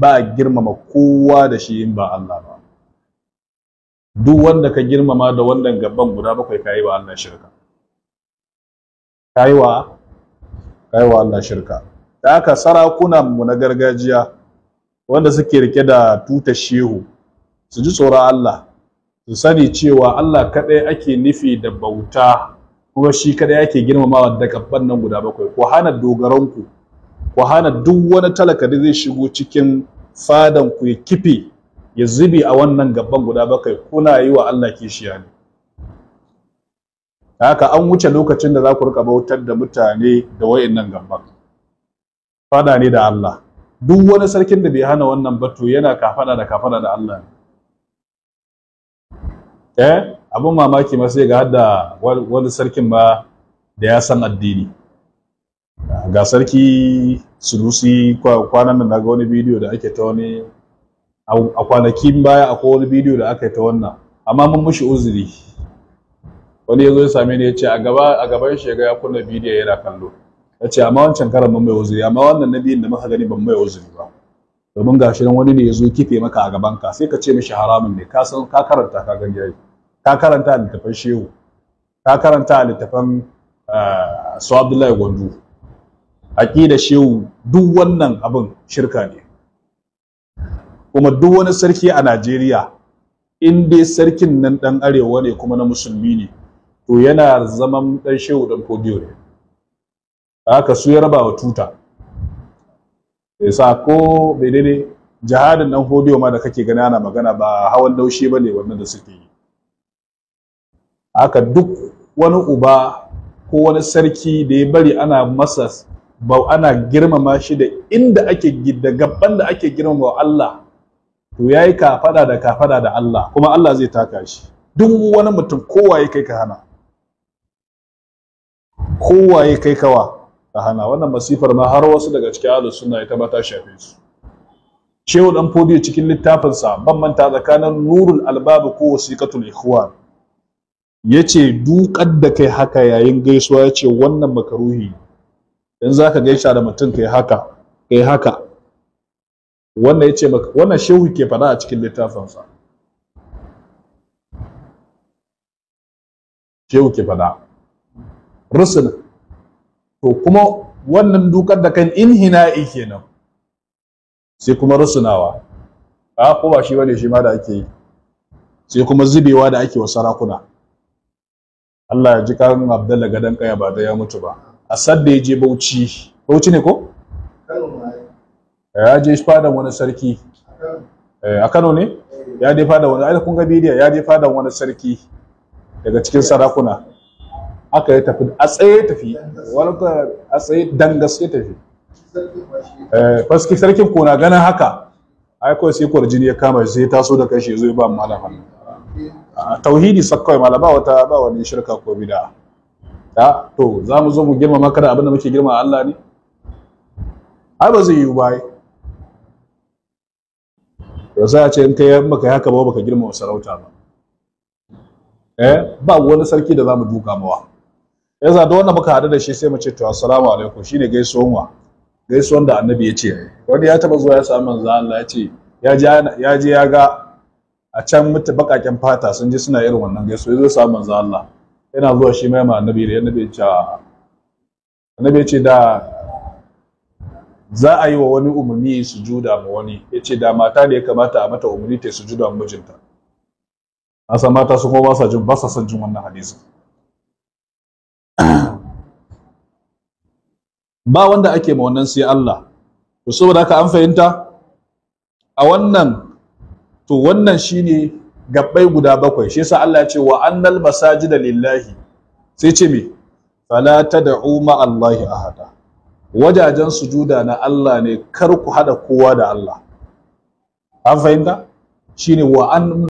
ba a girmama kowa da shi in ba Allah ba duk wanda ka girmama da wannan gaban guda bakwai ka yi wa Allah shirka kaiwa kaiwa Allah shirka da haka sarakunan mu na gargajiya wanda suke rike da tuta shehu su ji tsoron Allah su sani cewa Allah kaɗai ake nufi da bauta kuma shi kaɗai ake girmama da gaban nan guda bakwai ko hana dogaranku ku hana duk wani talaka da zai shigo cikin fadan ku ya kife ya zubi a wannan gaban guda bakai kuna yi wa Allah kishiya ne haka an wuce lokacin da za ku rika bautar da mutane da wayannan gaban fada ne da Allah duk wani sarkin da bai hana wannan ba to yana kafada da kafada da Allah ne. eh abin mamaki ma sai ga hadda wani sarkin ba da ya san addini ga sarki surusi, kwanan nan naga wani bidiyo da ake ta wani a kwanakin baya a wani bidiyo da aka yi ta wannan amma mun mushi uzuri wani ya zo ya same ni ya ce a gaban shi ya kunna bidiyo yana kallo ya ce amma wancan karan mun mai uzuri amma wannan na biyun da muka gani ban mai uzuri ba domin ga shi wani ne ya zo kife maka a gaban ka sai ka ce mishi haramun ne ka san ka karanta ka gani yayi ka a littafan shehu ka karanta a littafan eh, su abdullahi gwandu aƙida shehu duk wannan abin shirka ne kuma duk wani sarki a Najeriya in dai sarkin nan ɗan arewa ne kuma na musulmi ne to yana zaman ɗan shehu ɗan fodiyo ne haka su ya raba wa tuta sako bai daidai jihadin ɗan fodiyo ma da kake gani ana magana ba hawan daushe ba ne wannan da suke yi haka duk wani uba ko wani sarki da ya bari ana masa ba ana girmama shi da inda ake da gaban da ake girmama wa Allah to yayi kafada da kafada da Allah kuma Allah zai taka shi duk wani mutum kowaye kai ka hana kowaye kai kawa ka hana wannan masifar ma har wasu daga cikin ahlus sunna ita ba ta shafe su Shehu dan fodi cikin littafinsa ban manta tsakanin Nurul Albab ko Wasiqatul Ikhwan yace dukar da kai haka yayin gaisuwa yace wannan makaruhi in za ka gaisha da mutum ka yi haka ka yi haka wannan ya ce wannan shehu ke faɗa a cikin littafinsa shehu ke faɗa rusul to kuma wannan dukar da kan inhina'i kenan sai kuma rusunawa a ko ba shi bane shi ma da ake yi sai kuma zubewa da ake wa sarakuna Allah ya ji kan Abdallah gadan kaya ba da ya mutu ba a sadda ya je bauchi bauchi ne ko eh, ya je fadan wani sarki a kano eh, ne eh. ya je fadan wani ai kun ga bidiyo ya je fadan wani sarki daga cikin sarakuna aka yi tafi a tsaye tafi wani a tsaye dangas ya tafi faski sarkin ko na ganin haka ai kawai sai jini ya kama sai taso da kashi zai ba malama ah, tauhidi sakkawai malama wata ba wani shirka ko bid'a ya to za mu zo mu girmama kada abin da muke girma Allah ne ai ba zai yi ba ya sai a ce in kai maka haka ba baka girmama sarauta ba eh ba wani sarki da za mu duka mawa yasa da wannan muka hada da shi sai mu ce to assalamu alaikum shine gaisuwan wa gaisuwan da annabi ya ce wani ya taba zuwa ya samu manzo Allah ya ce ya ji ya ga a can mutu bakaken fata sun ji suna irin wannan gaisuwa ya zo samu manzo Allah yana zuwa shi mai annabi da annabi ya ce annabi ya ce da za a yi wa wani umarni juda ma wani ya ce da mata da ya kamata a mata umarni ta su juda mijinta an san mata su kuma ba jin ba sa son jin wannan hadisi ba wanda ake ma wannan sai Allah to saboda haka an fahimta a wannan to wannan shine gabbai guda bakwai shi yasa Allah ya ce wa annal masajida lillahi sai ce me fala tad'u ma Allahi ahada wajajen sujuda na Allah ne kar ku hada kowa da Allah an fahimta shine wa an